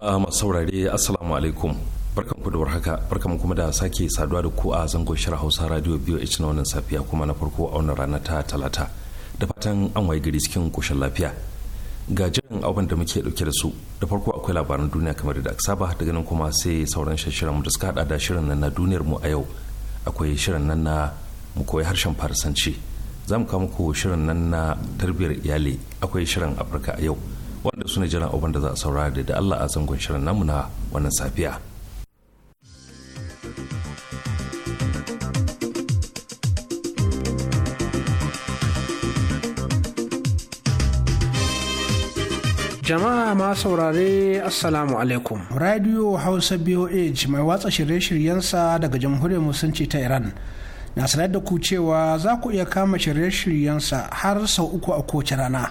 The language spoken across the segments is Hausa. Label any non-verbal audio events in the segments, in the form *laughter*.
jama'a masu saurare assalamu alaikum barkan ku da warhaka barkan kuma da sake saduwa da ku a zango shirin hausa radio biyu na wannan safiya kuma na farko a wannan rana ta talata da fatan an waye gari cikin koshin lafiya ga jiran abin da muke dauke da su da farko akwai labaran duniya kamar da aka saba daga nan kuma sai sauran shirin mu da suka hada da shirin nan na duniyar mu a yau akwai shirin nan na mu koyi harshen farisanci za mu kawo muku shirin nan na tarbiyyar iyali akwai shirin afirka a yau su ne jiran abin da za a saurara da Allah a zangon shirin namu na wannan safiya. jama'a ma saurare assalamu alaikum radio hausa boh mai watsa shirye-shiryensa daga jamhuriyar musulunci ta iran na sanar da ku cewa za ku iya kama shirye-shiryensa har sau uku a kowace rana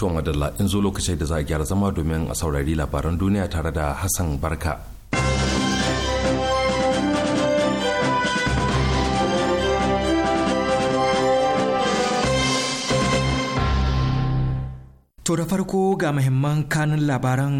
To madalla in zo lokacin da za a gyara zama domin a saurari labaran duniya tare da Hassan Barka. To da farko ga muhimman kanun labaran.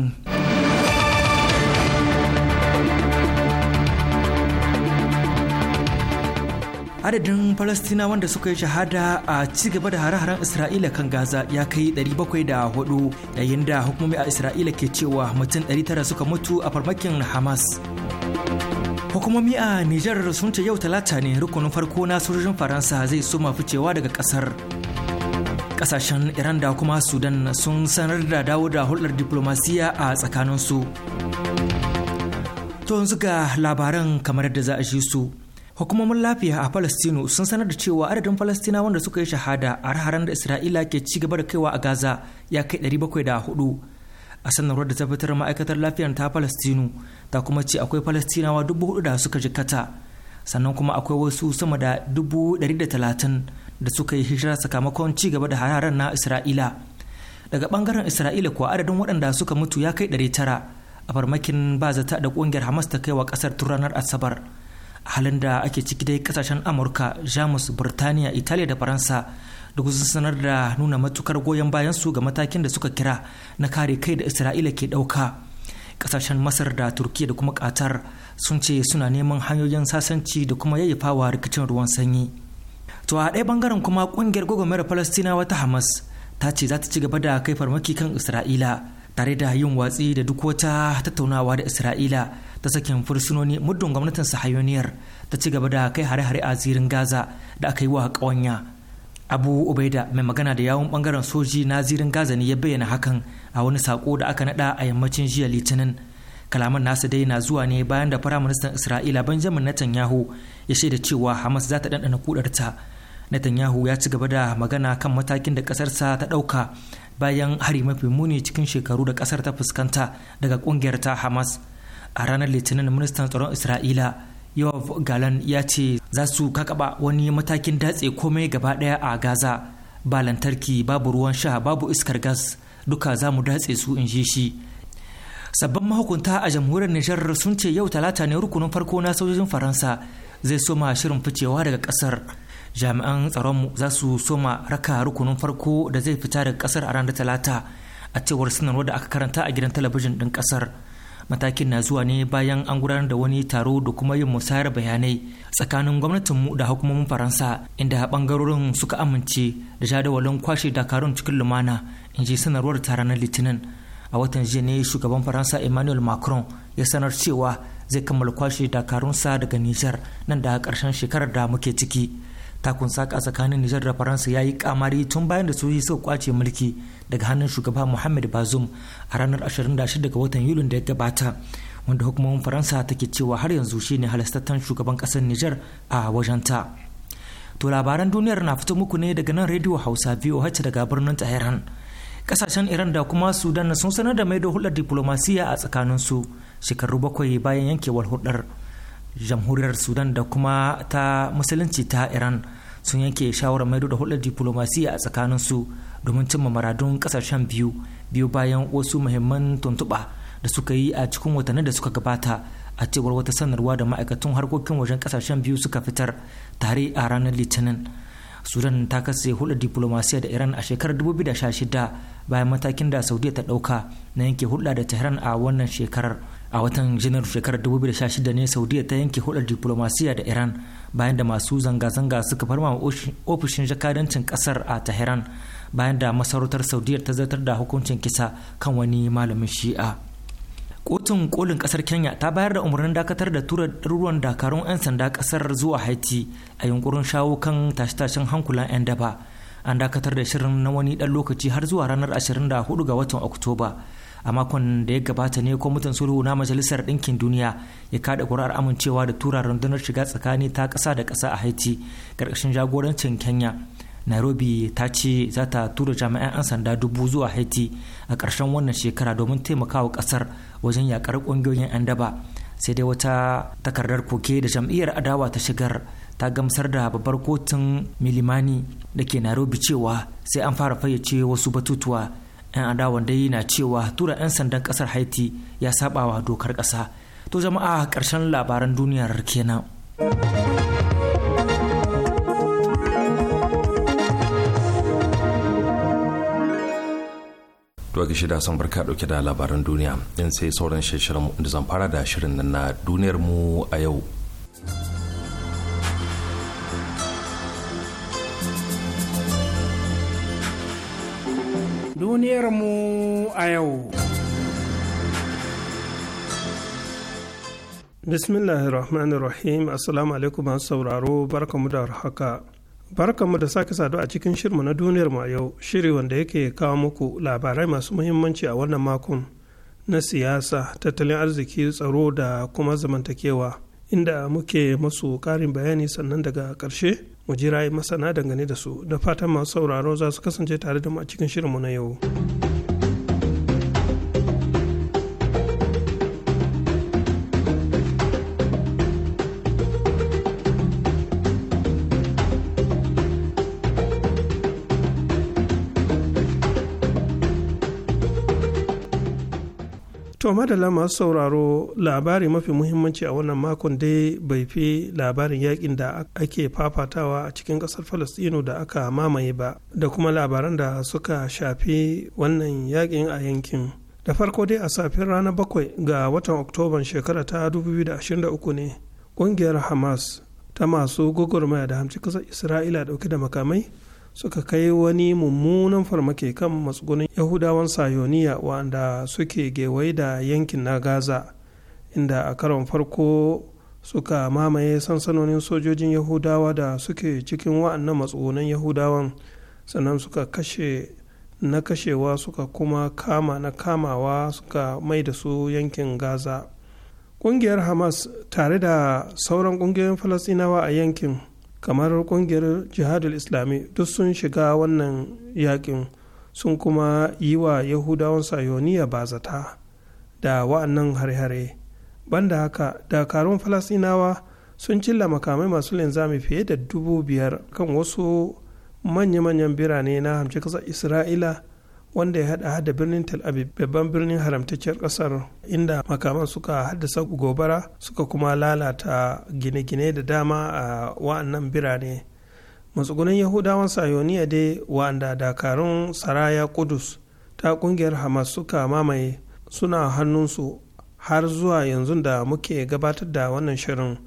adadin falastina wanda suka yi shahada a ci gaba da hare-haren isra'ila kan gaza ya kai 704 yayin da hukumomi a isra'ila ke cewa mutum 900 suka mutu a farmakin hamas hukumomi a nijar sun ce yau talata ne rukunin farko na sojojin faransa zai suma ficewa daga kasar kasashen iran da kuma sudan sun sanar da dawo da hulɗar diplomasiya a tsakaninsu to yanzu ga labaran kamar da za a shi su Hukumomin lafiya a Falastinu sun sanar da cewa adadin Falastinawan wanda suka yi shahada a harharen da Isra'ila ke ci gaba da kaiwa a Gaza ya kai 704. A sanarwar da ta fitar ma'aikatar lafiyar ta Falastinu ta kuma ce akwai Falastinawa dubu da suka jikata sannan kuma akwai wasu sama da dubu da talatin da suka yi hijira sakamakon ci gaba da hararen na Isra'ila. Daga bangaren Isra'ila kuwa adadin waɗanda suka mutu ya kai ɗari tara a farmakin ba zata da ƙungiyar Hamas ta kaiwa kasar ƙasar tun ranar Asabar. halin da ake ciki dai kasashen amurka jamus birtaniya italiya da faransa duk sun sanar da nuna matukar goyon bayan su ga matakin da suka kira na kare kai da isra'ila ke ɗauka kasashen masar da turkiya da kuma katar sun ce suna neman hanyoyin sasanci da kuma yayyafawa rikicin ruwan sanyi to a ɗaya bangaren kuma ƙungiyar gwagwarmayar palestina wata hamas ta ce za ta ci gaba da kai farmaki kan isra'ila tare da yin watsi da duk wata tattaunawa da isra'ila ta sakin fursunoni muddin gwamnatin sahayoniyar ta ci gaba da kai hare-hare a zirin gaza da aka yi wa kawanya abu ubaida mai magana da yawun bangaren soji na zirin gaza ne ya bayyana hakan a wani sako da aka nada a yammacin jiya litinin kalaman nasa dai na zuwa ne bayan da firaministan isra'ila benjamin netanyahu ya shaida cewa hamas za ta ɗanɗana kudarta netanyahu ya ci gaba da magana kan matakin da ƙasarsa ta ɗauka bayan hari mafi muni cikin shekaru da ƙasar ta fuskanta daga ƙungiyar ta hamas a ranar litinin ministan tsaron isra'ila yawaf galan ya ce za su kakaba wani matakin datse komai gaba daya a gaza ba lantarki babu ruwan sha babu iskar gas duka za mu datse su in ji shi sabbin mahukunta a jamhuriyar nijar sun ce yau talata ne rukunin farko na sojojin faransa zai soma shirin ficewa daga kasar jami'an tsaronmu za su soma raka rukunin farko da zai fita daga kasar a ranar talata a cewar sanarwar da aka karanta a gidan talabijin din kasar matakin na zuwa ne bayan an gudanar da wani taro da kuma yin musayar bayanai tsakanin gwamnatin mu da hukumomin faransa inda bangarorin suka amince da jadawalin kwashe dakarun cikin lumana in ji sanarwar taron na litinin a watan jiya ne shugaban faransa emmanuel macron ya sanar cewa zai kammala kwashe dakarunsa daga niger nan da karshen shekarar da muke ciki takun saka tsakanin nijar da faransa ya yi kamari tun bayan da sojoji suka kwace mulki daga hannun shugaba muhammad bazoum a ranar 26 ga watan yulin da ya gabata wanda hukumomin faransa take cewa har yanzu shi ne halastattan shugaban kasar nijar a wajenta to labaran duniyar na fito muku ne daga nan rediyo hausa voh daga birnin tehran kasashen iran da kuma sudan sun sanar da maido hulɗar diplomasiya a tsakanin su shekaru bakwai bayan yankewar hulɗar jamhuriyar sudan da kuma ta musulunci ta iran sun yanke shawarar maido da hulɗar diplomasiya a tsakanin su domin cimma maradun kasashen biyu biyu bayan wasu muhimman tuntuɓa da suka yi a cikin watanni da suka gabata a cewar wata sanarwa da ma'aikatan harkokin wajen kasashen biyu suka fitar tare a ranar litinin sudan ta kasa hulɗar diplomasiya da iran a shekarar 2016 bayan matakin da saudiya ta ɗauka na yanke hulɗa da tehran a wannan shekarar a watan janar shekarar 2016 ne saudiya ta yanke hudar diplomasiya da iran bayan da masu zanga-zanga suka farma ofishin jakadancin kasar a tehran bayan da masarautar saudiya ta zartar da hukuncin kisa kan wani malamin shi'a kotun kolin kasar kenya ta bayar da umarnin dakatar da tura ruwan dakarun 'yan sanda kasar zuwa haiti a yunkurin shawo kan tashe-tashen hankulan 'yan daba an dakatar da shirin na wani dan lokaci har zuwa ranar 24 ga watan oktoba a makon da ya gabata ne kwamitin sulhu na majalisar ɗinkin duniya ya kada ƙuri'ar amincewa da tura rundunar shiga tsakani ta ƙasa da ƙasa a haiti ƙarƙashin jagorancin kenya nairobi ta ce za ta tura jami'an 'yan sanda dubu zuwa haiti a ƙarshen wannan shekara domin taimakawa ƙasar wajen yakar ƙungiyoyin 'yan daba sai dai wata takardar koke da jam'iyyar adawa ta shigar ta gamsar da babbar kotun milimani da ke nairobi cewa sai an fara fayyace wasu batutuwa 'yan adawan dai na cewa tura 'yan sandan kasar haiti ya sabawa dokar kasa to jama'a karshen labaran duniyar kenan to ga shida son barka dauke da labaran duniya din sai sauran shirin da zan fara da shirin na duniyar mu a yau duniyarmu a yau. Bismillahirrahmanirrahim Assalamu alaikum masu sauraro barkamu da haka. Barkamu da sake sadu a cikin shirmu na duniyarmu a yau, shiri wanda yake kawo muku labarai masu muhimmanci a wannan makon na siyasa, tattalin arziki, tsaro da kuma zamantakewa. Inda muke masu ƙarin bayani sannan daga ƙarshe mu ji masana dangane da su da fatan masu sauraro za su kasance tare da mu a cikin shirinmu na yau. To madalla masu sauraro labari mafi muhimmanci a wannan makon dai bai fi labarin yakin da ake fafatawa a cikin kasar Falastinu da aka mamaye ba da kuma labaran da suka shafi wannan yakin a yankin. Da farko dai a safin ranar bakwai ga watan Oktoban shekara ta 2023 ne ƙungiyar Hamas ta masu gwagwarmaya da hamci kasar Isra'ila dauke da makamai suka kai wani mummunan farmake kan matsugunin yahudawan sayoniya wanda suke gewaye da yankin na gaza inda a karon farko suka mamaye sansanonin sojojin yahudawa da suke cikin wa'annan matsugunan yahudawan sannan suka kashe na kashewa suka kuma kama na kamawa suka mai da su yankin gaza ƙungiyar hamas tare da sauran ƙungiyoyin falasinawa a yankin kamar kungiyar jihadul islami duk sun shiga wannan yakin sun kuma yi wa yahudawan sayoniya bazata da wa'annan hare-hare banda haka dakarun falasinawa sun cilla makamai masu linzami fiye da dubu biyar kan wasu manya-manyan birane na hamci kasar isra'ila wanda ya hada da birnin tel aviv babban birnin haramtacciyar kasar inda makaman suka haddasa gobara suka kuma lalata gine-gine da dama a wa'annan birane matsugunan yahudawan sayoniya dai wa'anda dakarun saraya kudus ta kungiyar hamas suka mamaye suna hannunsu har zuwa yanzu da muke gabatar da wannan shirin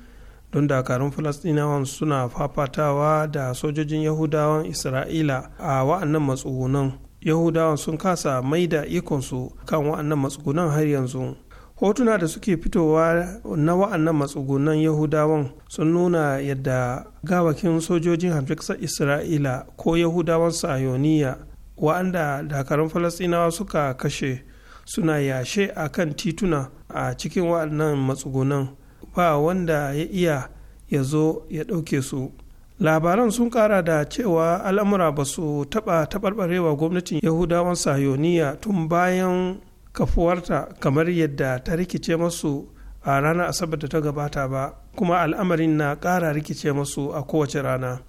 don dakarun falasɗinawan suna fafatawa da sojojin yahudawan isra'ila a wa'annan matsugunan yahudawan sun kasa mai da ikonsu kan wa'annan matsugunan har yanzu hotuna da suke fitowa na wa'annan matsugunan yahudawan sun nuna yadda gawakin sojojin hamshiksar isra'ila ko yahudawan sayoniya wa'anda dakarun falastinawa suka kashe suna yashe a kan tituna a cikin wa'annan matsugunan ba wanda ya iya ya zo ya ɗauke su labaran sun kara da cewa al'amura ba su taɓa taɓarɓarewa gwamnatin yahudawan sayoniya tun bayan kafuwarta kamar yadda ta rikice masu a ranar asabar da ta gabata ba kuma al'amarin na ƙara rikice masu a kowace rana.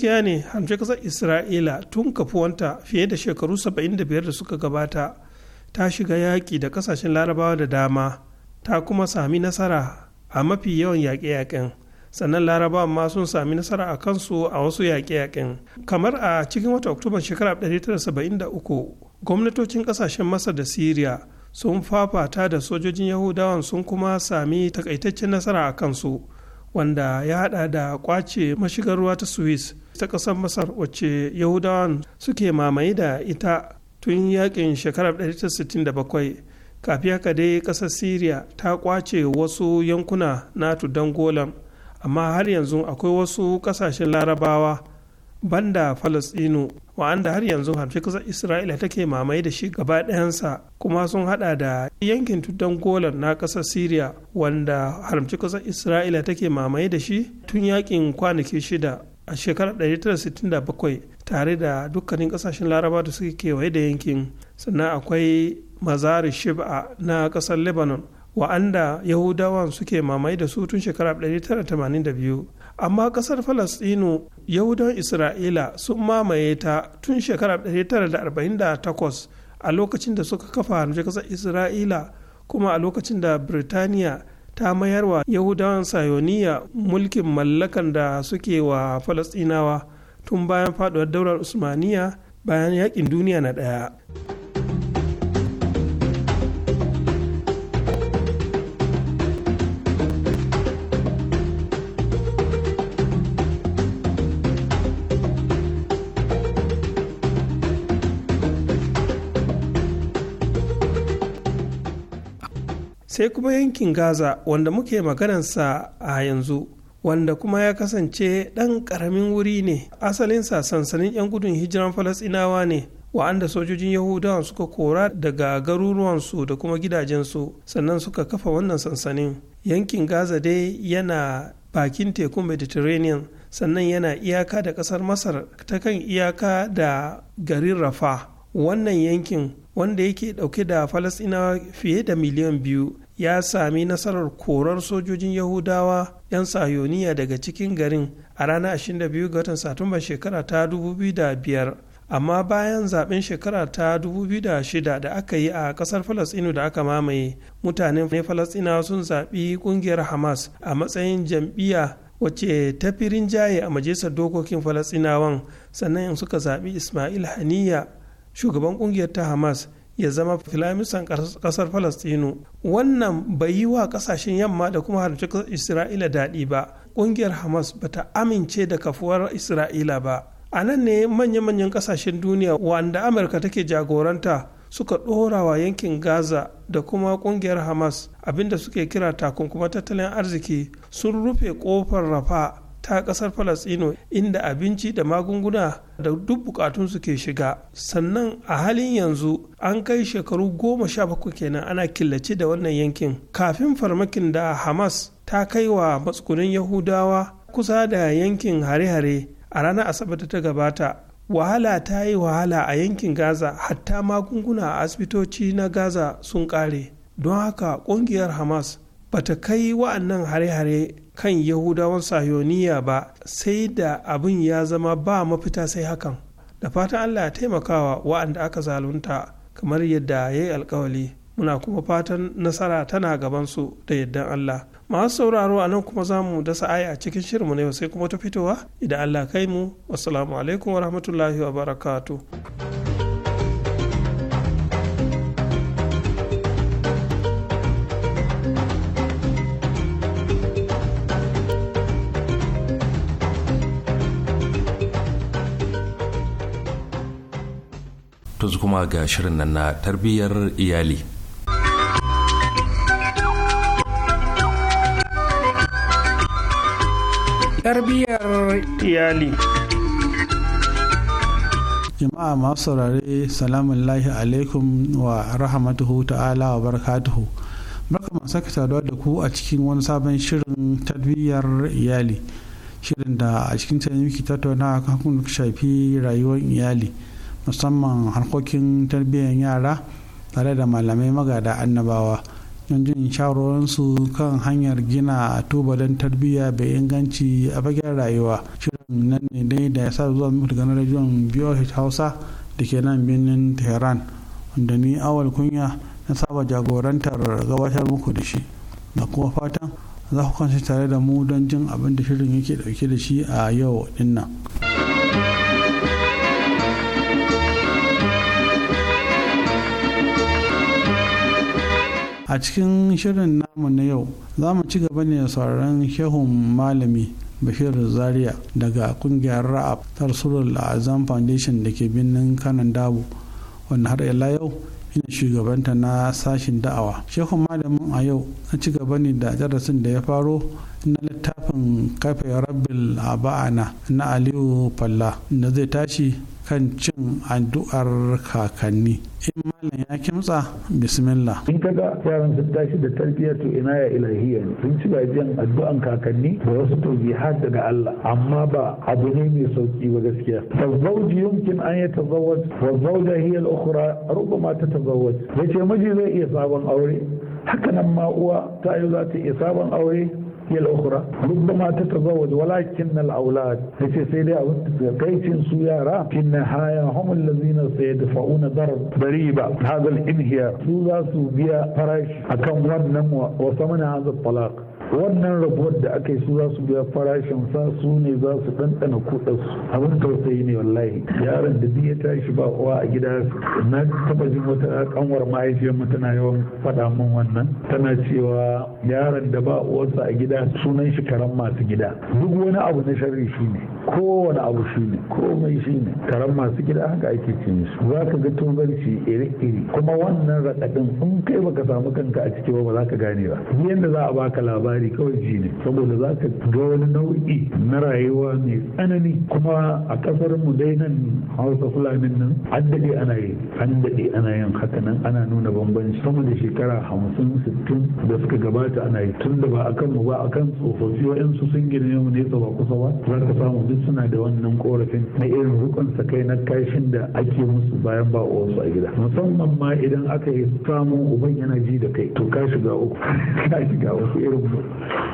gaskiya ne hamshe kasar isra'ila tun kafuwanta fiye da shekaru 75 da suka gabata ta shiga yaƙi da kasashen larabawa da dama ta kuma sami nasara a mafi yawan yaƙe-yaƙen sannan larabawa ma sun sami nasara a kansu a wasu yaƙe-yaƙen kamar a cikin wata oktoba shekarar 1973 gwamnatocin kasashen masar da syria sun fafata da sojojin yahudawan sun kuma sami takaitaccen nasara a kansu wanda ya hada da kwace mashigar ruwa ta Suez ta ƙasar Masar wacce Yahudawan suke mamaye da ita tun yakin shekarar 1967 kafin haka dai kasar Syria ta kwace wasu yankuna na tudan golan amma har yanzu akwai wasu kasashen larabawa banda Falasɗinu wanda har yanzu hamshi kasar isra'ila take mamaye da shi gaba ɗayansa kuma sun hada da yankin tuddan golan na ƙasar syria wanda haramci kasar isra'ila take mamaye da shi tun yakin kwanaki shida a shekarar 1967 tare da dukkanin ƙasashen laraba da suke kewaye da yankin sannan akwai mazari shib'a na ƙasar lebanon wa'anda yahudawan suke mamaye da su tun shekarar 1982 amma kasar falastinu yahudan isra'ila sun mamaye ta tun shekarar 1948 a lokacin da suka kafa hamshe kasar isra'ila kuma a lokacin da birtaniya ta mayarwa yahudawan sayoniya mulkin mallakan da suke wa falastinawa tun bayan faduwar daular usmaniya bayan yakin duniya na daya. sai kuma yankin gaza wanda muke sa a yanzu wanda kuma ya kasance ɗan ƙaramin wuri ne asalinsa sansanin 'yan gudun hijiran falasinawa ne wa'anda sojojin yahudawa suka kora daga garuruwansu da kuma gidajensu sannan suka kafa wannan sansanin yankin gaza dai yana bakin tekun mediterranean sannan yana iyaka da ƙasar masar ta kan iyaka da garin rafa wannan yankin wanda yake dauke da falasinawa fiye da miliyan biyu ya sami nasarar korar sojojin yahudawa 'yan sayoniya daga cikin garin a ranar 22 ga watan satumba shekara ta 2005 amma bayan zaben shekara ta 2006 da aka yi a kasar falasinu da aka mamaye mutanen falasinawa sun zaɓi ƙungiyar hamas a matsayin jam'iyya wacce ta firin jaye a majalisar dokokin falasinawan sannan suka zaɓi ismail haniya shugaban ƙungiyar ta hamas ya zama filamisan kasar falastinu wannan bai yi wa kasashen yamma da kuma haramci isra'ila daɗi ba ƙungiyar hamas ba ta amince da kafuwar isra'ila ba a nan ne manya-manyan kasashen duniya wanda amurka take jagoranta suka ɗora wa yankin gaza da kuma ƙungiyar hamas abinda suke kira takunkuma tattalin arziki sun rufe ƙofar rafa ta kasar falasino inda abinci da magunguna da duk bukatunsu ke shiga sannan a halin yanzu an kai shekaru goma sha bakwai kenan ana killace da wannan yankin kafin farmakin da hamas ta kai wa matsugunin yahudawa kusa da yankin hare-hare a ranar asabar da ta gabata wahala ta yi wahala a yankin gaza hatta magunguna a asibitoci na gaza sun kare don haka kungiyar hamas bata kai wa'annan hare-hare kan yahudawan sayoniya ba sai da abin ya zama ba mafita sai hakan da fatan allah ya taimakawa wa'anda aka zalunta kamar yadda ya yi alkawali muna kuma fatan nasara tana gabansu da yaddan allah masu sauraro a nan kuma zamu mu dasa aya a cikin shirinmu na yau sai kuma ta fitowa idan allah kai mu wasu alaikum wa rahmatullahi wa barakatuh tun kuma ga shirin nan na tarbiyyar iyali tarbiyyar iyali jama'a masu saurare salamun lahi alaikum wa rahmatuhu ta'ala wa barakatuhu barka masu saka saduwa da ku a cikin wani sabon shirin tarbiyyar iyali shirin da a cikin ta miki tattauna kan shafi rayuwar iyali musamman harkokin tarbiyyar yara tare da malamai magada annabawa don jin shawarwarinsu kan hanyar gina tubalin tarbiyya bai inganci a fagen rayuwa shirin nan ne dai da ya sa zuwa muku daga rajon biyar hausa da ke nan birnin tehran wanda ni awal kunya na saba jagorantar gabatar muku da shi da kuma fatan za ku kansu tare da mu don jin abin da shirin yake dauke da shi a yau dinnan. a cikin shirin namu na yau za mu ci gaba ne sauraron shehun malami bashir zaria daga kungiyar ra'ab tarsurul azam foundation da ke birnin kanan dabo wanda har ila yau ina shugabanta na sashin da'awa shehun malamin a yau na ci gaba ne da darasin da ya faro na littafin kafe rabbil aba'ana na aliyu falla da zai tashi kan cin addu'ar kakanni in malam ya kimtsa bismillah in kaga yaran sun tashi da tarbiyyar to ina ya ilahiya sun ci gajiyan addu'an kakanni da wasu har daga Allah amma ba abu ne mai sauki ba gaskiya fazauji yumkin an ya tazawwaj fazauja hiya al-ukhra rubama tatazawwaj yace miji zai iya sabon aure haka nan ma uwa ta yi za ta iya sabon aure هي الأخرى ربما تتزوج ولكن الأولاد في سيدي أو كيف سيارة في النهاية هم الذين سيدفعون ضرب ضريبة هذا الانهيار سوزا سوزيا فرش أكم ونمو وثمن هذا الطلاق wannan rabuwar da aka yi su za su biya farashin sa su ne za su ɗanɗana kuɗarsu abin tausayi ne wallahi yaron da duk ya tashi ba uwa a gida na taɓa jin wata kanwar mahaifiyar mu tana yawan faɗa min wannan tana cewa yaron da ba uwarsa a gida sunan shi karan masu gida duk wani abu na sharri shi ne kowane abu shi ne komai shi ne karan masu gida haka ake ce su za ka ga tozarci iri-iri kuma wannan raɗaɗin in kai baka samu kanka a ciki ba ba za ka gane ba yadda za a baka labari labari kawai ji ne saboda za ka ga wani nau'i na rayuwa mai tsanani kuma a kasar mu dai nan hausa fulanin nan an daɗe ana yi an daɗe ana yin haka nan ana nuna bambanci sama da shekara hamsin sittin da suka gabata ana yi tun da ba a kanmu ba a kan tsofaffi wa'yansu sun gina mu nesa ba kusa ba za ka samu duk suna da wannan korafin na irin rukun kai na kashin da ake musu bayan ba wasu a gida musamman ma idan aka yi samun uban yana ji da kai to ka shiga uku *laughs* ka shiga wasu irin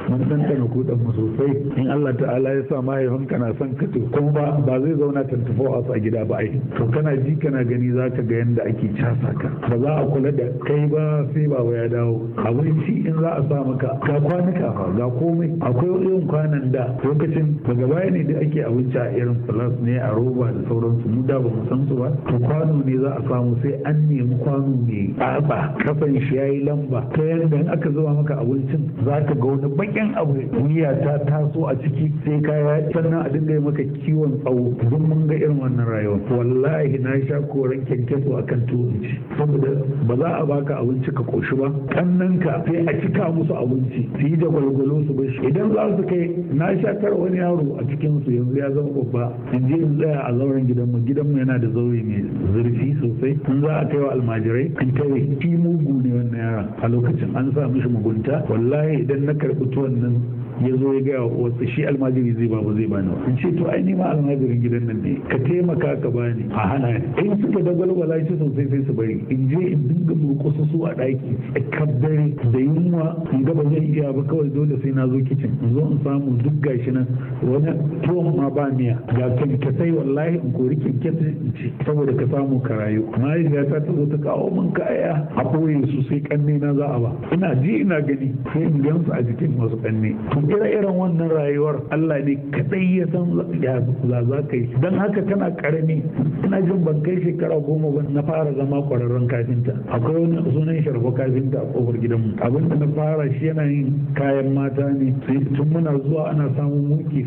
mun tantana kudan mu sosai in Allah ta'ala ya sa mahaifinka na son ka to kuma ba ba zai zauna ta hours a gida ba ai to kana ji kana gani zaka ga yanda ake casa ka ba za a kula da kai ba sai baba ya dawo abinci in za a sa maka ga kwanuka ga komai akwai irin kwanan da lokacin daga baya ne da ake abinci a irin plus ne a roba da sauransu mu da ba mu san su ba to kwano ne za a samu sai an nemi kwano ne tsaba kafan shi yayi lamba ta yanda in aka zuba maka abincin zaka ga ga wani bakin abu duniya ta taso a ciki sai kaya sannan a dinga maka kiwon tsawo don mun ga irin wannan rayuwa wallahi na sha koran kyankyaso a kan turanci saboda ba za a baka abinci ka koshi ba kannan ka sai a cika musu abinci su yi da gwalgwalo su bashi idan za su kai na sha tara wani yaro a cikin su yanzu ya zama babba in je in tsaya a zauren gidanmu gidanmu yana da zaure mai zurfi sosai in za a kai wa almajirai in kai shi mugu ne wannan yaron a lokacin an sa mishi mugunta wallahi idan na karɓi tuwon nan ya zo ya gaya wasu shi almajiri zai ba zai bani ba in ce to ai ma almajirin gidan nan ne ka taimaka ka bani a hana ni in suka dagwalwala shi sosai sai su bari in je in dinga murƙusa su a ɗaki kaddare da yunwa in ga ba zan iya ba kawai dole sai na zo kicin in zo in samu duk gashi nan wani tuwon ma ba miya ga ka sai wallahi in kori kyankyasa in ci saboda ka samu ka rayu mahaifiyata ta zo ta kawo min kaya a ɓoye su sai kanne na za a ba ina ji ina gani sai in gansu a jikin masu kanne ire-iren wannan rayuwar Allah ne kadai ya san za za ka yi don haka tana karami ina jin ban kai shekara goma ba na fara zama kwararren kafinta akwai wani sunan sharfa kafinta a kofar gidanmu abinda na fara shi yana yin kayan mata ne tun muna zuwa ana samun muke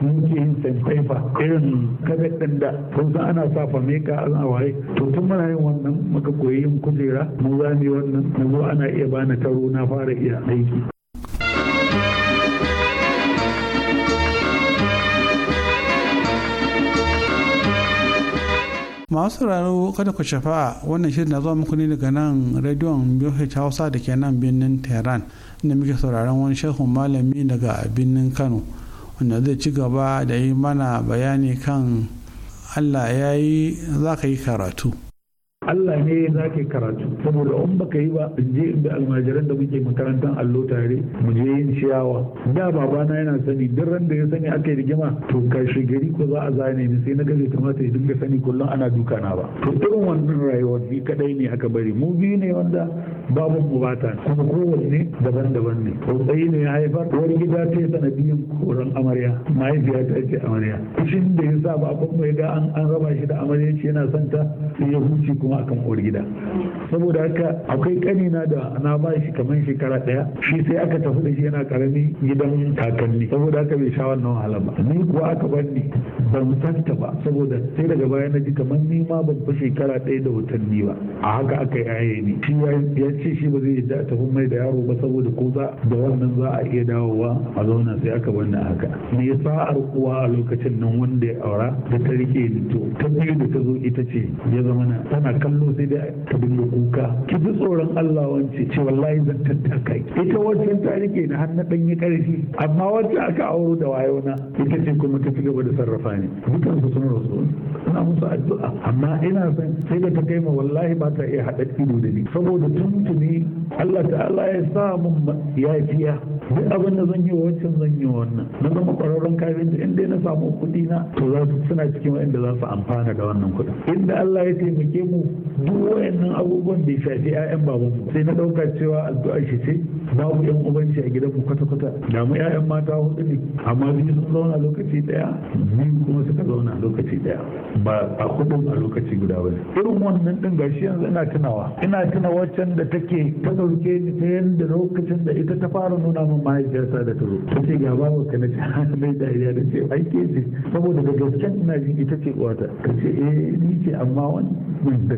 muke yin sanfaifa irin kabet da tun san ana sa fameka ana waye to tun muna yin wannan muka koyi yin kujera mu zame wannan na zo ana iya bani taro na fara iya aiki masu sauraro kada ku shafa wannan shirin na zuwa muku ne daga nan rediyon BH Hausa da ke nan birnin Tehran inda muke sauraron wani shehun malami daga birnin Kano wanda zai ci gaba da yi mana bayani kan Allah ya yi za ka yi karatu. Allah ne za ka karatu saboda in baka yi ba in je in bi almajiran da muke makarantar allo tare mu je yin ciyawa da babana yana sani duk ran da ya sani aka yi rigima to karshe gari ko za a zane ni sai na gaje kamata ya dinga sani kullum ana duka na ba to irin wannan rayuwar ni kadai ne aka bari mu biyu ne wanda babu mu bata kuma kowanne daban-daban ne tsautsayi ne ya haifar wani gida ta yi sanadiyin koran amarya mahaifiya ta ce amarya kushin da ya sa ba a ya ga an raba shi da amarya yana santa ta sai ya huce kuma kuma akan uwar gida saboda haka akwai kanina da na ba shi kamar shekara daya shi sai aka tafi da shi yana karami gidan kakanni saboda haka bai sha wannan wahala ba ni kuwa aka banni ban santa ba saboda sai daga baya na ji kamar ni ma ban fi shekara daya da watanni ba a haka aka yi aye ni shi ya ce shi ba zai yadda a tafi mai da yaro ba saboda ko za da wannan za a iya dawowa a zauna sai aka banni a haka me ya a uwa a lokacin nan wanda ya aura da ta rike ni to ta biyu da ta zo ita ce ya zama na tana kallo sai da ta dinga kuka ki ji tsoron Allah wance ce wallahi zan tattaka ita wancan ta rike na har na dan yi karfi amma wacce aka auro da na ita ce kuma ta ci gaba da sarrafa ni dukan su sun rasu ina musu addu'a amma ina san sai da ta kai ma wallahi ba ta iya haɗa ido da ni saboda tuntuni Allah ta'ala ya sa mun yafiya duk abin da zan yi wancan zan yi wannan na zama kwararren kafinta in inda na samu kuɗi na to za su suna cikin wanda za su amfana da wannan kuɗin inda Allah ya taimake mu duk wayannan abubuwan ya shafi 'ya'yan babanmu sai na ɗauka cewa addu'a shi ce babu yan ubanci a gidan mu kwata-kwata da mu 'ya'yan mata hudu ne amma biyu sun zauna lokaci daya biyu kuma suka zauna lokaci daya ba a hudun a lokaci guda ba irin wannan din gashi yanzu ina tunawa ina tuna waccan da take ta dauke ni ta yanda lokacin da ita ta fara nuna min mahaifiyarsa da ta zo ta ce ga babu ka na mai *laughs* dariya da ce aike ce saboda da gasken ina jin ita ce uwata ta ce eh ni ce amma wani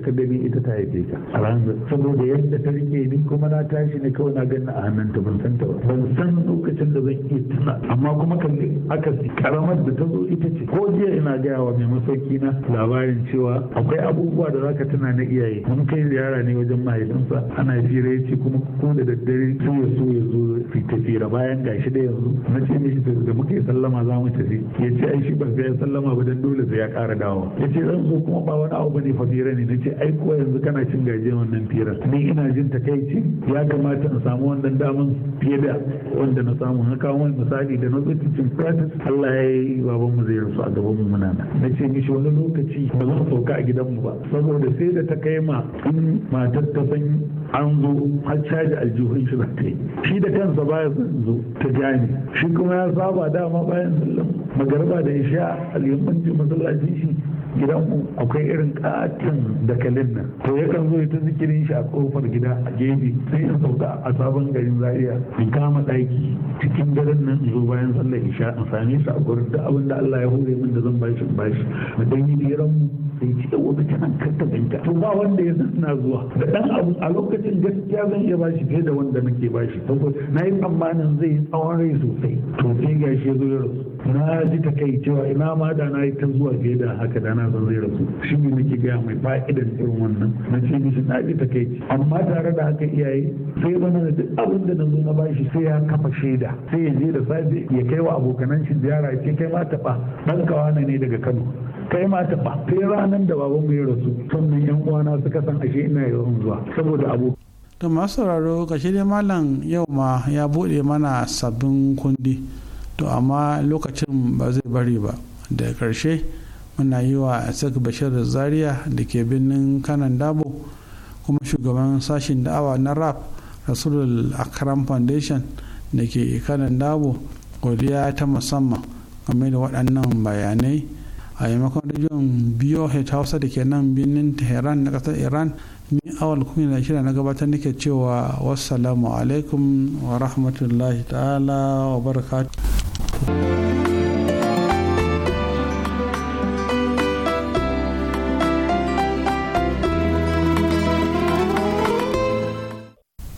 ka gani ita ta haife ka a ranar saboda yadda ta rike ni kuma na tashi ne kawai na gani a ta ban san ta ba. ban san lokacin da zan iya tuna amma kuma ne aka fi. karamar da ta zo ita ce ko jiya ina gaya wa mai masauki na labarin cewa akwai abubuwa da zaka tuna na iyaye mun kai ziyara ne wajen mahaifinsa ana fira ya ce kuma ko da daddare so ya so ya zo fita fira bayan gashi da yanzu na ce mishi da muke sallama za mu tafi ya ce ai shi ba sai sallama ba dan dole sai ya kara dawo ya ce zan zo kuma ba wani abu bane fa fira ne na ce aiko yanzu kana cin gaje wannan firar ni ina jin takaici ya kamata in samu wannan daman fiye da wanda na samu na kawo wani misali da na zuci cin Allah ya yi baban mu zai rasu a gaban mu muna na ce mishi wani lokaci ba zan sauka a gidan mu ba saboda sai da ta kai ma in matar ta san an zo har caji aljihun shi za ta yi shi da kansa baya zan zo ta jani shi kuma ya saba dama bayan sallan magarba da isha a ji masallaci shi Gidan mu akwai irin katin kalin nan to ya kan zo ta zikirin shi a kofar gida a gefe sai in sauka a sabon garin zaria in kama ɗaki cikin daren nan in zo bayan sallar isha in same shi a gurin da abin da Allah ya hore min da zan bashi ba bashi mu dan yi hiran mu sai ci da wani kanan karta banka to ba wanda ya san ina zuwa da dan abu a lokacin gaskiya zan iya bashi fiye da wanda nake bashi saboda na yi tsammanin zai tsawon rai sosai to sai gashi ya zo ya rasu na ji ta kai cewa ina ma da na yi ta zuwa fiye da haka da na zan zai rasu shi ne nake gaya mai fa'idan irin wannan na ce mishi na ji ta kai amma tare da haka iyaye sai bana da duk abin da na zo na bashi sai ya kafa shaida sai ya je da safe ya kai wa abokanan shi ziyara ya ce kai ma taɓa ɗan kawana ne daga kano kai ma taɓa sai ranar da babanmu ya rasu sannan yan uwana suka san ashe ina yawan zuwa saboda abokan to masu sauraro kashe malam yau ma ya buɗe mana sabbin kundi to amma lokacin ba zai bari ba da karshe muna yi wa sak bashir zaria da ke birnin kanan dabo kuma shugaban sashen da'awa na rap rasulul akram foundation da ke kanan dabo godiya ta musamman game da waɗannan bayanai a yamakon rajon biyo hausa da ke nan birnin tehran na ƙasar iran ni awal kuma na shirya na gabatar nake cewa wassalamu alaikum wa rahmatullahi ta'ala wa barakatu.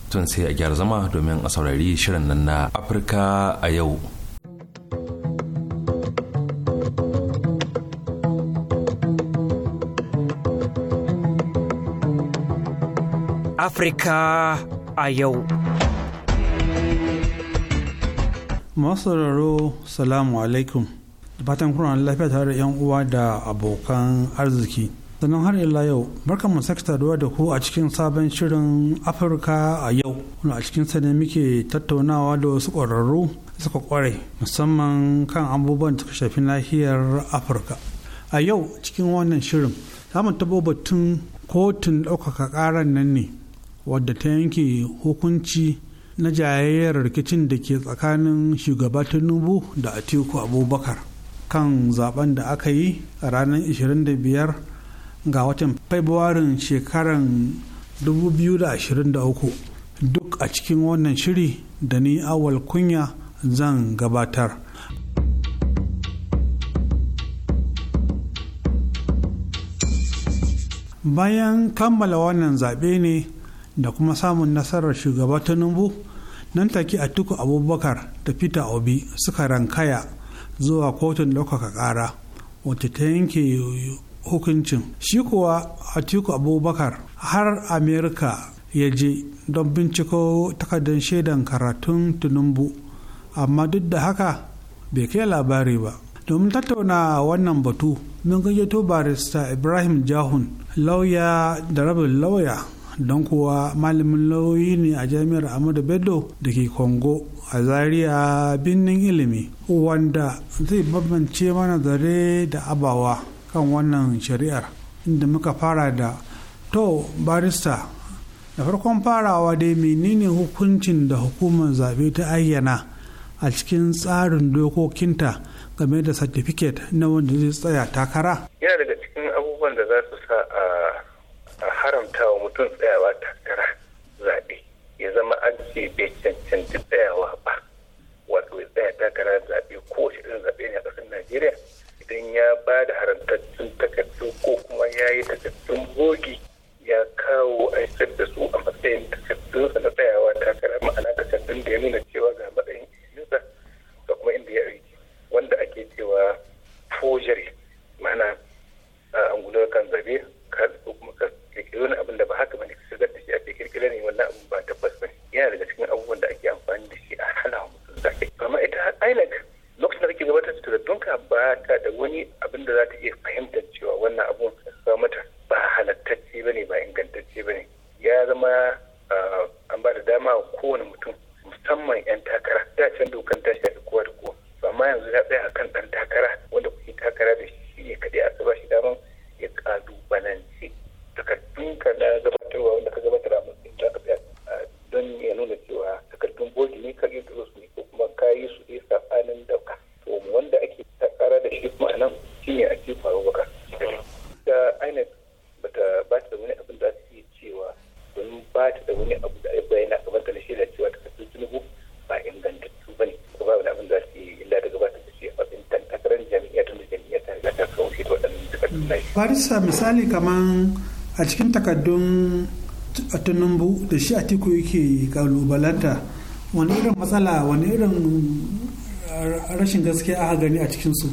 tun sai a gyara zama domin a saurari shirin nan na afirka a yau afirka a yau Masararo salamu alaikum da fatan kuna lafiya tare da yan uwa da abokan arziki sannan har illa yau barkan mu sake taruwa da ku a cikin sabon shirin afirka a yau wani a cikin sa muke tattaunawa da wasu ƙwararru suka ƙware musamman kan abubuwan da suka shafi nahiyar afirka a yau cikin wannan shirin samun tabo batun kotun ɗaukaka ƙaran nan ne wadda ta yanke hukunci na jayayyar rikicin da ke tsakanin shugaba tinubu da atiku abubakar kan zaben da aka yi a ranar 25 ga watan faibawarin shekarar 2023 duk a cikin wannan shiri da ni awal kunya zan gabatar bayan kammala wannan zaɓe ne da kuma samun nasarar shugaba tinubu nan take a tuku abubakar da peter obi suka rankaya zuwa kotun ɗaukaka ƙara wacce ta yanke hukuncin shi kuwa a tuku abubakar har amerika ya je don binciko takardar shaidan karatun tunumbu amma duk da haka bai kai labari ba domin tattauna wannan batu mun gayyato barista ibrahim jahun lauya da rabin lauya don kuwa malamin lauyi ne a jami'ar Amadu Bello da ke Kongo a Zariya, birnin ilimi wanda zai bambance mana zare da abawa kan wannan shari'ar inda muka fara da to barista da farkon farawa dai menene hukuncin da hukumar zaɓe ta ayyana a cikin tsarin dokokinta game da satifiket na wanda zai tsaya takara yana daga cikin abubuwan da za su sa a ah, a haramta wa mutum tsayawa takara zaɓe ya zama an ce bai cancanci tsayawa ba wato ya tsaya takara zaɓe ko irin zaɓe ne a ƙasar najeriya idan ya ba da haramtattun takardu ko kuma ya yi takardun bogi ya kawo aikar da su a matsayin takardunsa na tsayawa takara ma'ana takardun da ya nuna cewa ga matsayin ilinsa da kuma inda ya aiki wanda ake cewa forgery ma'ana a angular kan zabe ka da wani abin da ba haka bane shigar da shi a ake kirkira ne wannan abin ba tabbas ba yana daga cikin abubuwan da ake amfani da shi a hana mu zaɓe amma ita INEC lokacin da kake gabatar da ka ba ta da wani abin da za ta iya fahimtar cewa wannan abun ba mata ba halattacce bane ba ingantacce bane ya zama ah, an ba da dama wa kowane mutum musamman 'yan takara ta can dokan ta shafi kowa da kowa ba ma yanzu ya tsaya a kan ɗan takara wanda kuke takara da shi ne kaɗai a ba shi daman ya ƙalubalance takardun ka na gabatarwa wanda ka gabatar a matsayin ta ka don ya nuna cewa takardun bogi ne ka kirkiro su ne ko kuma ka yi su ne sabanin dauka to wanda ake takara da shi kuma nan shi ne ake faru baka da inec bata ba ta da wani abin da su yi cewa don ba ta da wani abu da ya bayyana kamar da na shaida cewa takardun tunubu ba ingantattu ba ne ko ba wani abin da su yi illa da gabatar da shi a matsayin takarar jami'a tun da jami'a ta riga ta kawo shi da waɗannan takardun Farisa misali kamar a cikin takaddun tunumbu da shi a tiku yake kalubalanta wani irin matsala wani irin rashin gaskiya aka gani a cikinsu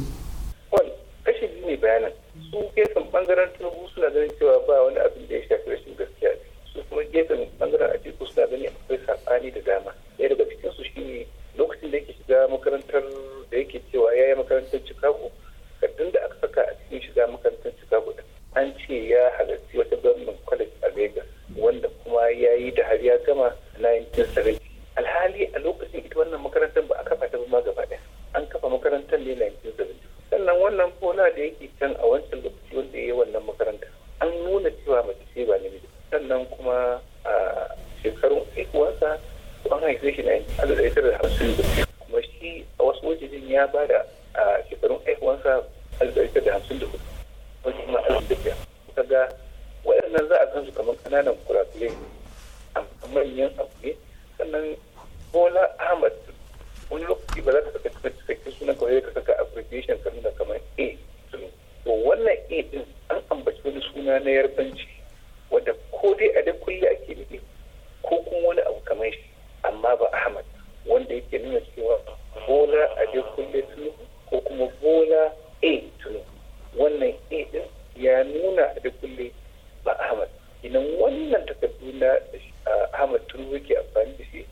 baturu amfani da shi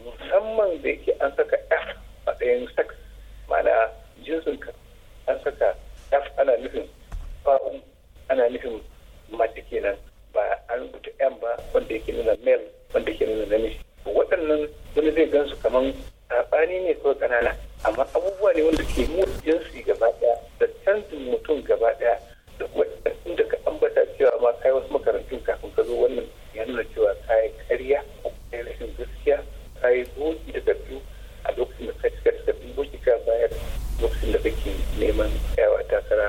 musamman da yake an saka f matsayin sex ma'ana jinsin ka an saka f ana nufin fa'un ana nufin mace kenan ba an rubuta m ba wanda yake nuna male wanda yake nuna namiji waɗannan wani zai gan su kaman saɓani ne kawai ƙanana amma abubuwa ne wanda ke mu jinsi gaba ɗaya da canjin mutum gaba ɗaya da kuma inda ka ambata cewa ma kai wasu makarantun kafin ka zo wannan yana cewa ta yi karya ta yi rashin gaskiya ta yi goji da gaddu a lokacin da ka cika da gaddun ka bayar lokacin da kake neman tsayawa takara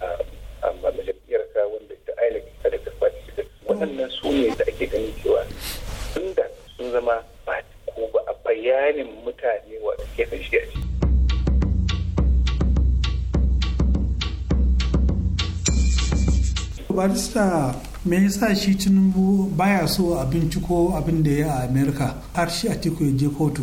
ah, a majalisiyar ka wanda ta aina kika da kafa cika waɗannan su ne da ake ganin cewa tun da sun zama ba ko ba a bayanin mutane wa ke fashe a ciki barista me yasa shi tinubu baya so abinci ko abin da ya yi a amerika har shi a tiku ya je kotu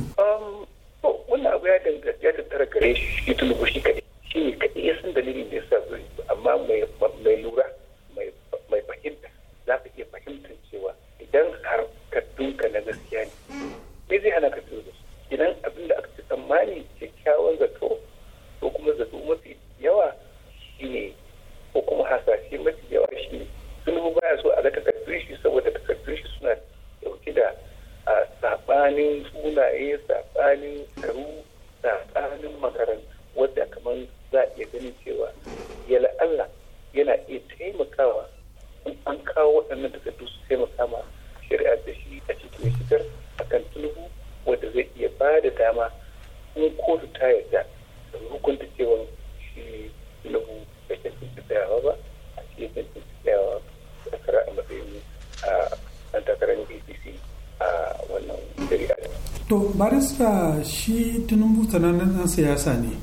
barista shi tinubu na ɗan siyasa ne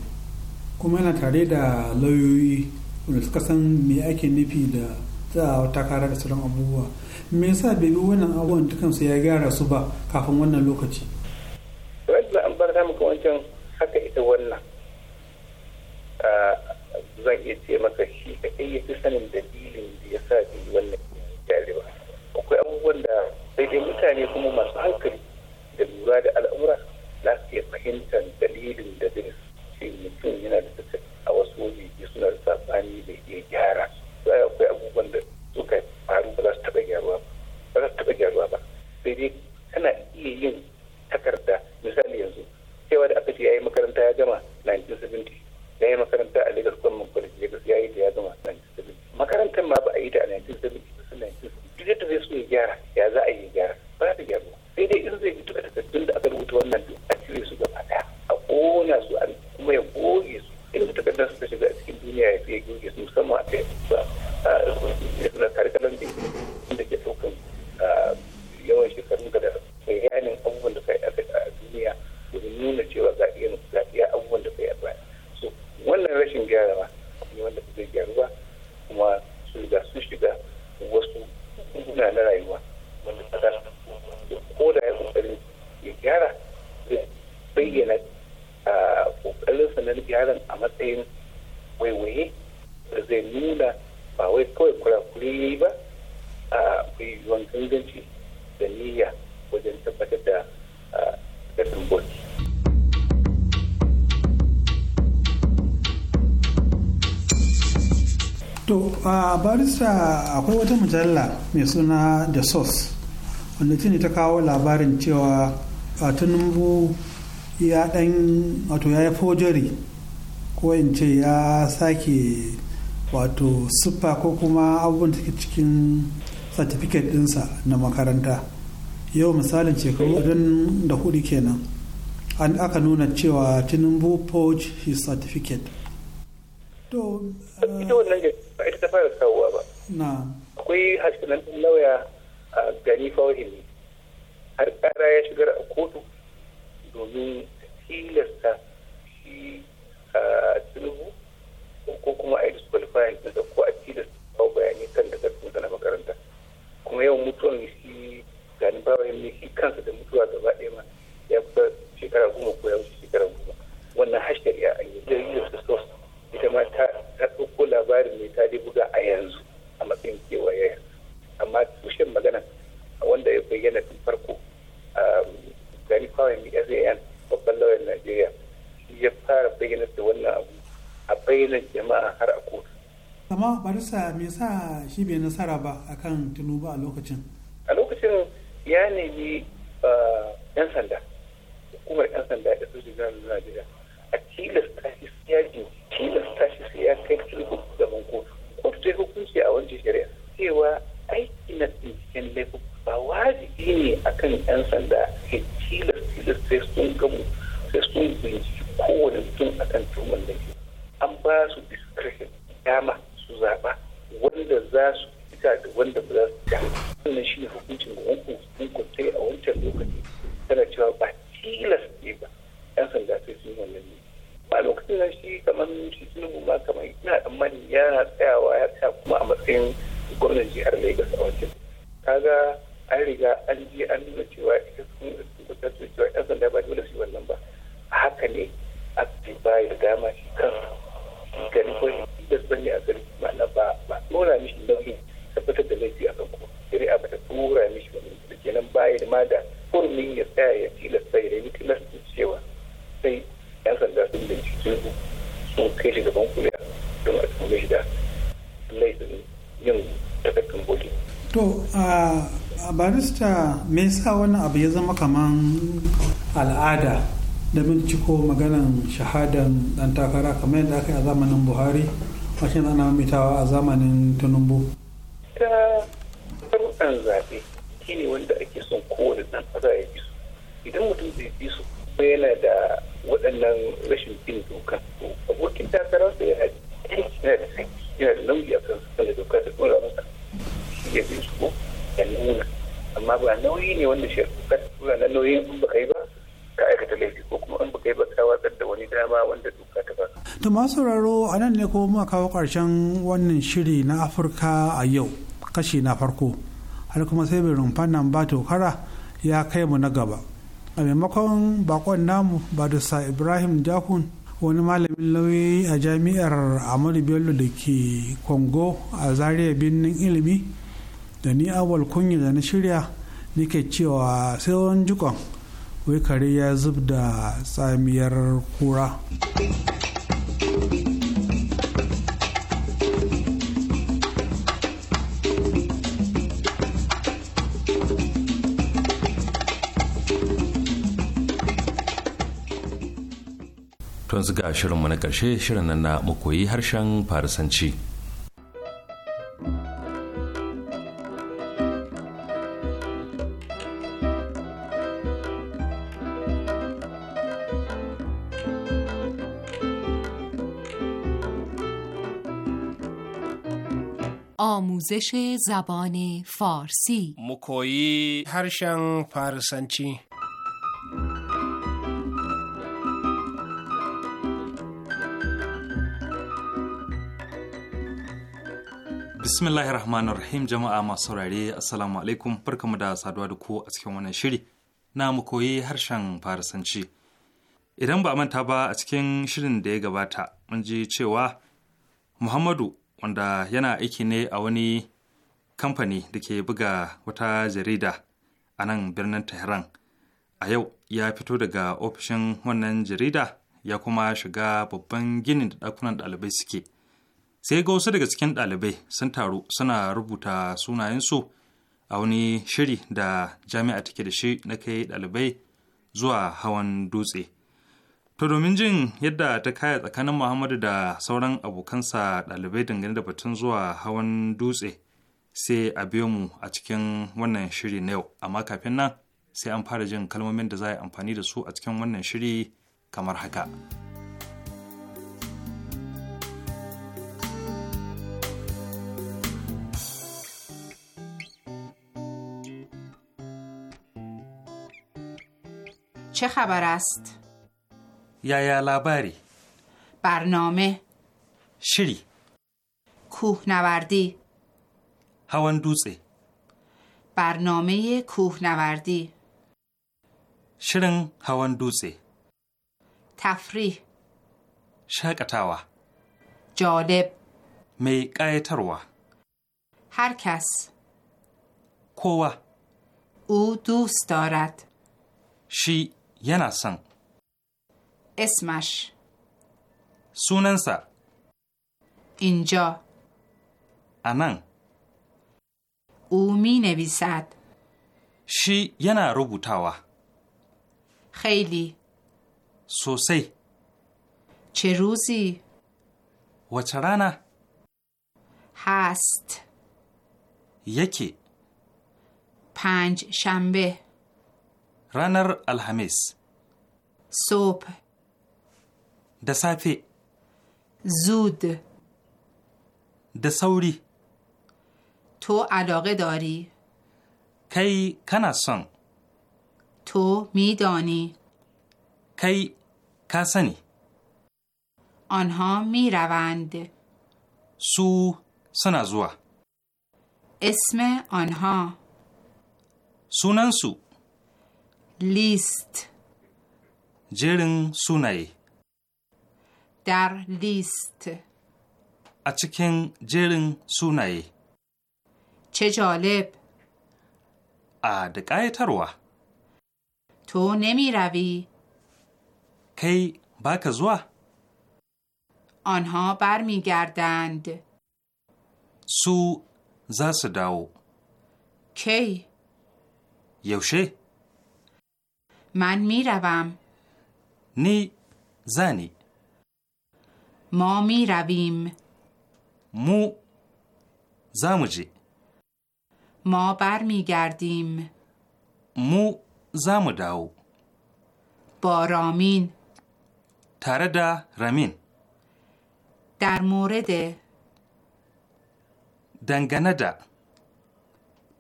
kuma yana tare da lauyoyi wanda suka san me ake nufi da za a takara da sauran abubuwa me yasa bai bi wannan abubuwan su ya gyara su ba kafin wannan lokaci wadda an bar muka wancan haka ita wannan zan iya ce maka shi kaɗai iya fi sanin dalilin da ya sa bi wannan jari ba akwai abubuwan da daidai mutane kuma masu hankali da lura da al'adu za su iya fahimtar dalilin da zai ce mutum yana da tattaɓi a wasu waje suna da saɓani da iya gyara za a akwai abubuwan da suka faru ba za su taɓa gyaruwa ba ba za su taɓa gyaruwa ba sai dai kana iya yin takarda misali yanzu cewa da aka ce ya yi makaranta ya gama 1970 ya yi makaranta a Lagos Gwamnan College Lagos ya yi ta ya gama 1970 makarantar ma ba a yi ta a 1970 ba 1970 duk da zai so ya gyara ya za a yi gyara ba za ta gyaruwa sai dai in zai fito a takardun da aka rubuta wannan a barista akwai wata mujalla mai suna the source wanda ne ta kawo labarin cewa tinubu ya dan wato ya yi fojori ko in ce ya sake wato siffa ko kuma abubuwan da ke cikin satifiket dinsa na makaranta yau misalin shekaru idan da hudu kenan an aka nuna cewa tinubu forge his certificate uh, ba ita ta fara kawowa ba akwai hashinan lauya a gani fawahimi har kara ya shigar a kotu domin tilasta shi a tinubu ko kuma a yi disqualifying ɗinsa ko a tilasta kawo bayani kan da ƙarfin na makaranta kuma yawan mutuwan shi gani fawahin ne shi kansa da mutuwa gaba ɗaya ma ya kusa shekara goma ko ya wuce shekara goma wannan hashtag a yi da yi da ita ma ta ɗauko labarin ne ta buga a yanzu a matsayin kewaye amma tushen magana wanda ya bayyana tun farko um, gani kawai mi san babban lauyan najeriya shi ya fara bayyana da wannan abu a bayyana jama'a har a kotu amma barisa me yasa shi bai nasara ba akan tunuba a lokacin a lokacin ya nemi uh, yan sanda hukumar yan sanda da sojin na najeriya a tilasta shi ya tilasta shi sai ya kai sulhu gaban kotu kotu ta hukunci a wancan shari'a cewa aiki na binciken laifuka. ba wajibi ne akan yan sanda ke tilas tilas sai sun gamu sai sun binciki kowane mutum akan tuhumar laifi an ba su discretion dama su zaɓa wanda za su fita da wanda ba za su fita wannan ne hukuncin da wanku hukuncin sai a wancan lokaci tana cewa ba tilas ne ba yan sanda sai sun wannan ne ba lokacin nan shi kamar shi tinubu ma kamar ina tsammani yana tsayawa ya tsaya kuma a matsayin gwamnan jihar lagos a wancan kaga an riga an je an nuna cewa ita sun kusurta cewa yan sanda ba dole su wannan ba a haka ne a ce ba ya dama shi kan gani ko shi da sani a gari ma'ana ba ba nuna mishi nauyin tabbatar da laifi a kan kuma sai a bata tura mishi wani da kenan baya ma da kurmin ya tsaya ya tilasta ya rayu tilasta cewa sai yan sanda sun bincike su sun kai shi gaban kuliya don a tuhume shi da laifin yin takaddun bogi. to a barista me yasa wani abu ya zama kaman al'ada da ciko maganan shahadan dan takara kamar yadda aka yi a zamanin buhari wace ana mamitawa a zamanin tinubu ta rukan zaɓe shi ne wanda ake son kowane ɗan ƙasa ya bi su idan mutum zai bi su yana da waɗannan rashin bin doka abokin takarar da yana yana da da nauyi a kan da doka ta dora masa shi ya su da nuna amma ba nauyi ne wanda shi ya ta dora na nauyin in ba kai ba ka aikata laifi ko kuma in ba kai ba ka watsar da wani dama wanda doka ta ba. to masu sauraro a nan ne kuma muka kawo ƙarshen wannan shiri na afirka a yau kashi na farko har kuma sai bai rumfa nan ba tokara ya kai mu na gaba. a maimakon bakon namu badusa ibrahim jakun wani malamin lauyoyi a jami'ar amadu bello da ke kongo a zaria birnin ilimi da ni awal kunya da na shirya nake cewa sai wani jikon wai kare ya zub da tsamiyar kura. yanzu ga shirinmu na ƙarshe shirin nan na koyi harshen farisanci. آموزش زبان فارسی مکویی هرشن فارسنچی Bismillahir Rahmanir Rahim jama'a masu saurare Assalamu alaikum barkamu da saduwa da ku a cikin wannan shiri na mu koyi harshen Farisanci. Idan ba manta ba a cikin shirin da ya gabata mun ji cewa Muhammadu wanda yana aiki ne a wani kamfani da ke buga wata jarida a nan birnin Tehran. A yau ya fito daga ofishin wannan jarida ya kuma shiga babban ginin da ɗakunan ɗalibai suke. sai ga wasu daga cikin ɗalibai sun taru suna rubuta sunayensu a wani shiri da jami'a take da shi na kai ɗalibai zuwa hawan dutse to domin jin yadda ta kaya tsakanin muhammadu da sauran abokansa ɗalibai dangane da batun zuwa hawan dutse sai a biyo mu a cikin wannan shiri na yau amma kafin nan sai an fara jin kalmomin da za a yi amfani da su a cikin wannan shiri kamar haka. چه خبر است؟ یایا لاباری برنامه شری کوهنوردی هوان برنامه کوهنوردی شرن هوان دوزه تفریح شاکتاوا جالب می قایتروا هر کس کوه او دوست دارد شی یه سن اسمش سوننسا اینجا انن او می نویسد شی یه روبوتاوا خیلی سوسی چه روزی؟ وچرانه هست یکی پنج شنبه رانر الهمیس صبح دسافی زود دسوری تو علاقه داری کی کناسن تو میدانی کی کاسنی؟ آنها میروند سو سنازوا اسم آنها سوننسو لیست جرن سونای در لیست اچکن جرن سونای چه جالب آدگای تروا تو نمی روی کی باک زوا آنها بر برمیگردند سو زاس داو کی یوشه من میروم نی زنی ما رویم. مو زموجی ما برمیگردیم مو زمو داو با رامین تردا رامین در مورد دنگندا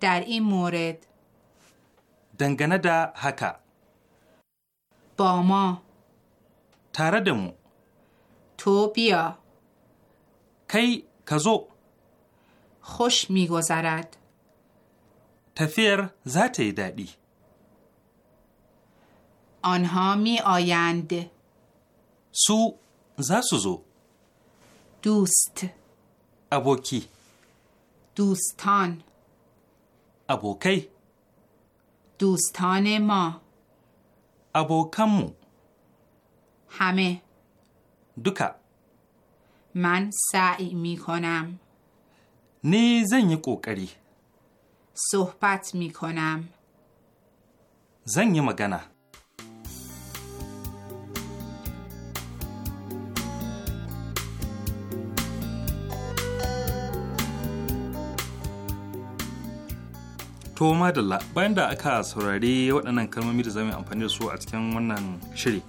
در این مورد دنگندا هکا با ما دمو تو بیا کی کزو خوش میگذرد تفیر ذات دادی آنها می آیند سو زاسوزو دوست ابوکی دوستان ابوکی دوستان ما Abokanmu. Hame. Duka. Man sa'i mikona. Ni zan yi ƙoƙari. Sohbat mikona. Zan yi magana. To madalla bayan da aka saurari waɗannan kalmomi da zamu yi amfani da su a cikin wannan shiri.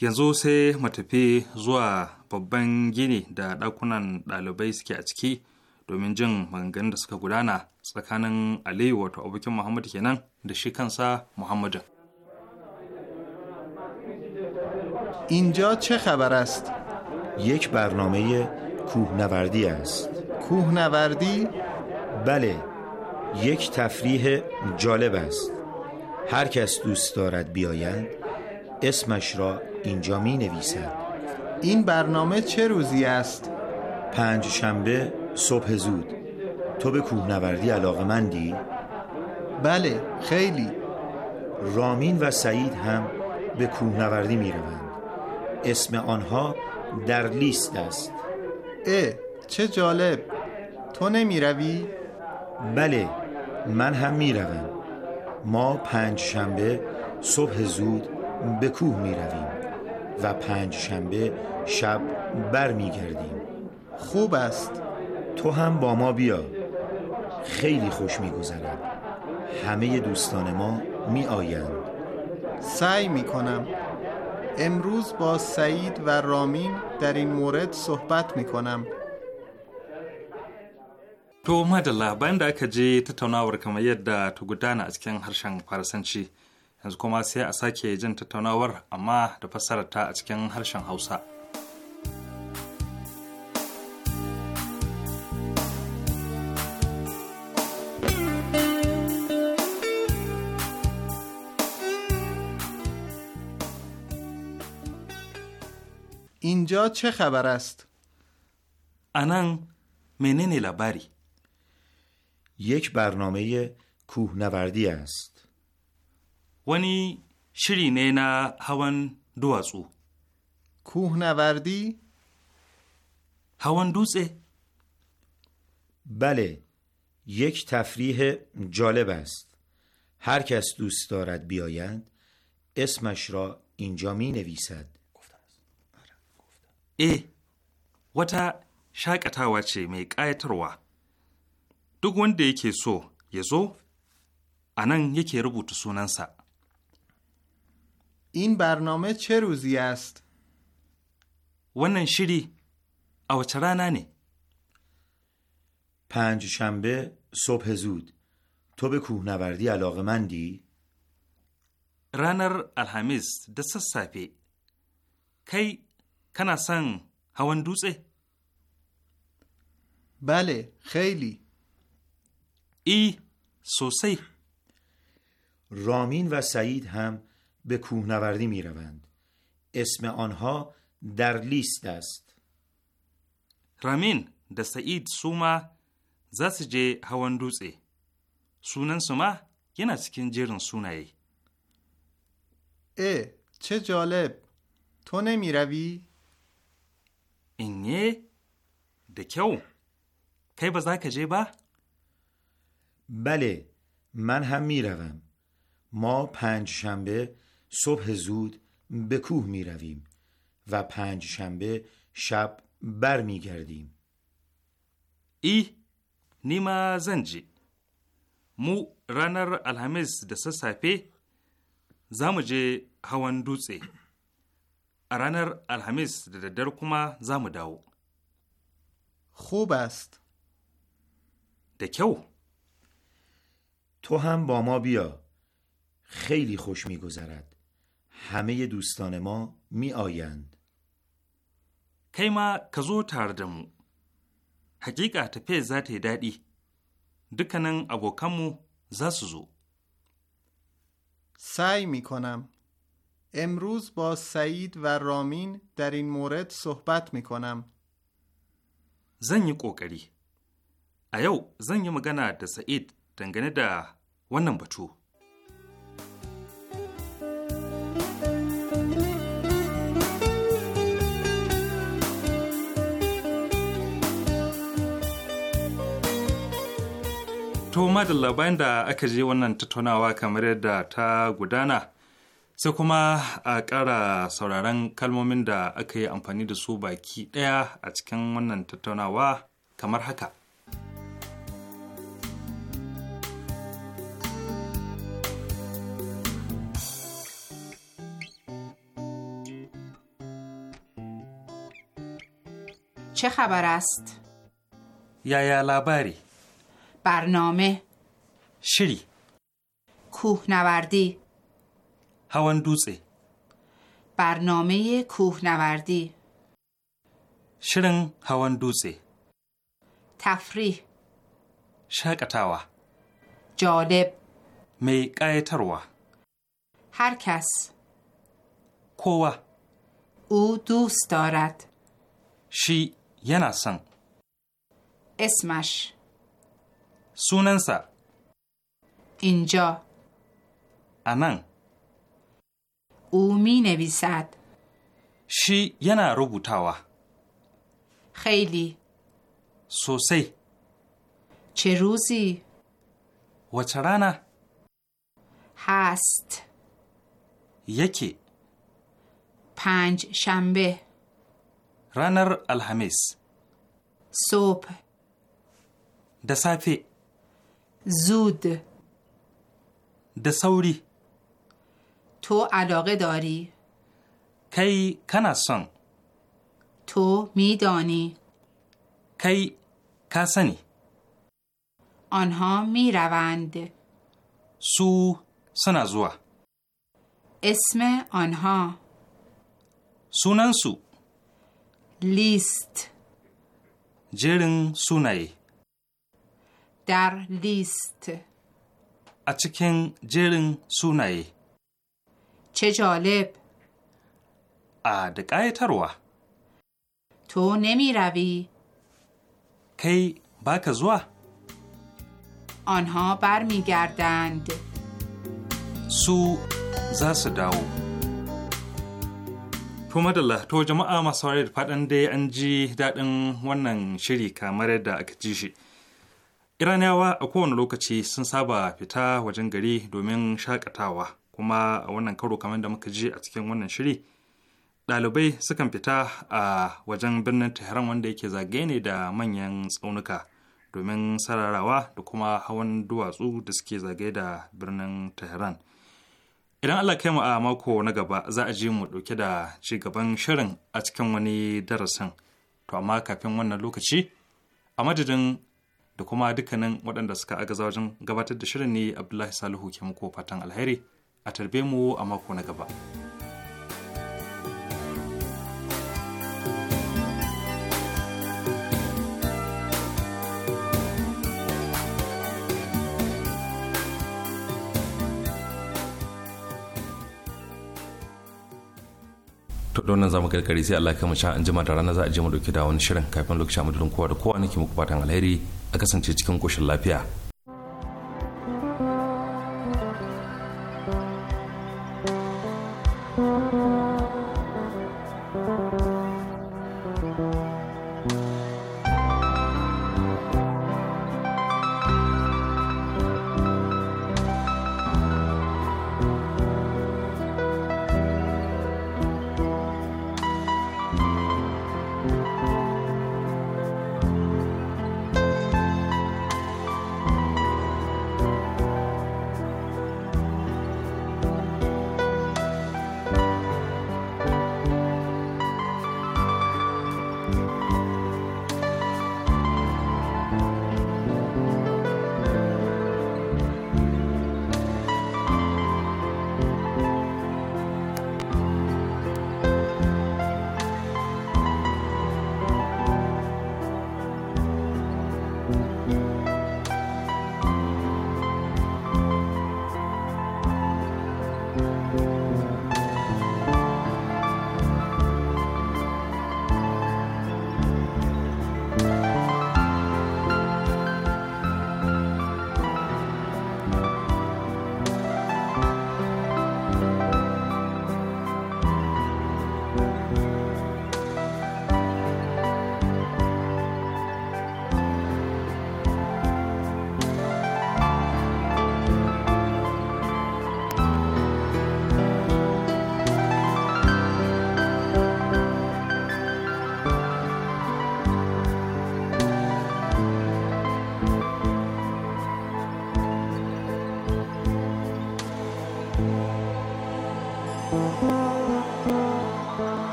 Yanzu sai matafi zuwa babban gini da ɗakunan ɗalibai suke a ciki domin jin maganganun da suka gudana tsakanin Aliyu wato abokin Muhammadu kenan da shi kansa muhammadu اینجا چه خبر است؟ یک برنامه کوهنوردی است کوهنوردی؟ بله یک تفریح جالب است هر کس دوست دارد بیاید اسمش را اینجا می نویسد این برنامه چه روزی است؟ پنج شنبه صبح زود تو به کوهنوردی علاقه مندی؟ بله خیلی رامین و سعید هم به کوهنوردی می روند اسم آنها در لیست است اه چه جالب تو نمی روی؟ بله من هم میروم ما پنج شنبه صبح زود به کوه می رویم و پنج شنبه شب بر خوب است تو هم با ما بیا خیلی خوش می همه دوستان ما می آیند سعی می کنم امروز با سعید و رامین در این مورد صحبت می کنم To madalla bayan da aka je tattaunawar kamar yadda ta gudana a cikin harshen Faransanci yanzu kuma sai a sake jin tattaunawar amma da ta a cikin harshen Hausa. اینجا چه خبر است؟ آنان منن یک برنامه کوهنوردی است. ونی شرینه نا هوان دوازو کوهنوردی هوان دوزه بله یک تفریح جالب است هر کس دوست دارد بیاید اسمش را اینجا می نویسد آره، ای وتا شاکتاوا چه می قایتروا دو گونده یکی سو یزو انن یکی رو بود سونن سر این برنامه چه روزی هست؟ ونن شیری او چرا ننی؟ پنج شنبه صبح زود تو به کوه نبردی علاقه مندی؟ رنر الهمیست دست سه پی که دوزه؟ بله خیلی ای سوسی رامین و سعید هم به کوهنوردی می روند. اسم آنها در لیست است. رامین د سعید سوما زس جه هوان روزه. سونن سوما یه نسکین جرن سونه ای. چه جالب تو نمی روی؟ اینه دکیو کی بزا کجی با؟ بله من هم می میروم ما پنج شنبه صبح زود به کوه می رویم و پنج شنبه شب بر می گردیم ای نیما زنجی مو رانر الهمیز دست سسافه زامج هوان hawan رانر الهمز در کما زام داو. خوب است. دکیو تو هم با ما بیا خیلی خوش میگذرد همه دوستان ما می آیند کیما کزو تردمو حقیقه تپه ذات دادی دکنن ابوکمو زسزو سعی می کنم امروز با سعید و رامین در این مورد صحبت می کنم زن کوکری ایو زن مگنه سعید dangane da wannan batu. To madalla bayan da aka je wannan tattaunawa kamar yadda ta gudana sai kuma a ƙara sauraron kalmomin da aka yi amfani da su baki ɗaya a cikin wannan tattaunawa kamar haka. چه خبر است؟ یا لاباری برنامه شری کوهنوردی هوان دوزه برنامه کوهنوردی شرن هوان دوزه تفریح شاکتاوا جالب می قایتروا هر کس کوه او دوست دارد شی یه سن اسمش سوننسا اینجا انن او می نویسد شی ینا روبوتاوا خیلی سوسی چه روزی؟ وچرانه هست یکی پنج شنبه رانر الهمیس صبح د زود دسوری تو علاقه داری کی کناسان تو میدانی کی کسانی آنها میروند سو سنازوا اسم آنها سو، لیست جرن سونای در لیست اچکن جرن سونای چه جالب ادقای تروه تو نمی روی کی باک زوا آنها برمیگردند سو زاس داو To madalla to jama'a masu da faɗan dai an ji daɗin wannan shiri kamar yadda aka ji shi. Iraniyawa a kowane lokaci sun saba fita wajen gari domin shakatawa kuma a wannan karo kamar da muka ji a cikin wannan shiri ɗalibai sukan fita a wajen birnin Tehran wanda yake zagaye ne da manyan tsaunuka domin sararawa da kuma hawan duwatsu da suke zagaye da birnin Tehran. Idan Allah kai mu a mako na gaba za a ji mu ɗauke da ci gaban shirin a cikin wani darasin. To amma kafin wannan lokaci a madadin da kuma dukkanin waɗanda suka agaza wajen gabatar da shirin ne Abdullahi Salihu ke muku fatan alheri a tarbe mu a mako na gaba. wannan zamu karkare sai Allah ya sha an jima da rana za a je mu dauke da wani shirin kafin lokacin mu kowa da kowa nake muku fatan alheri a kasance cikin koshin lafiya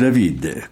David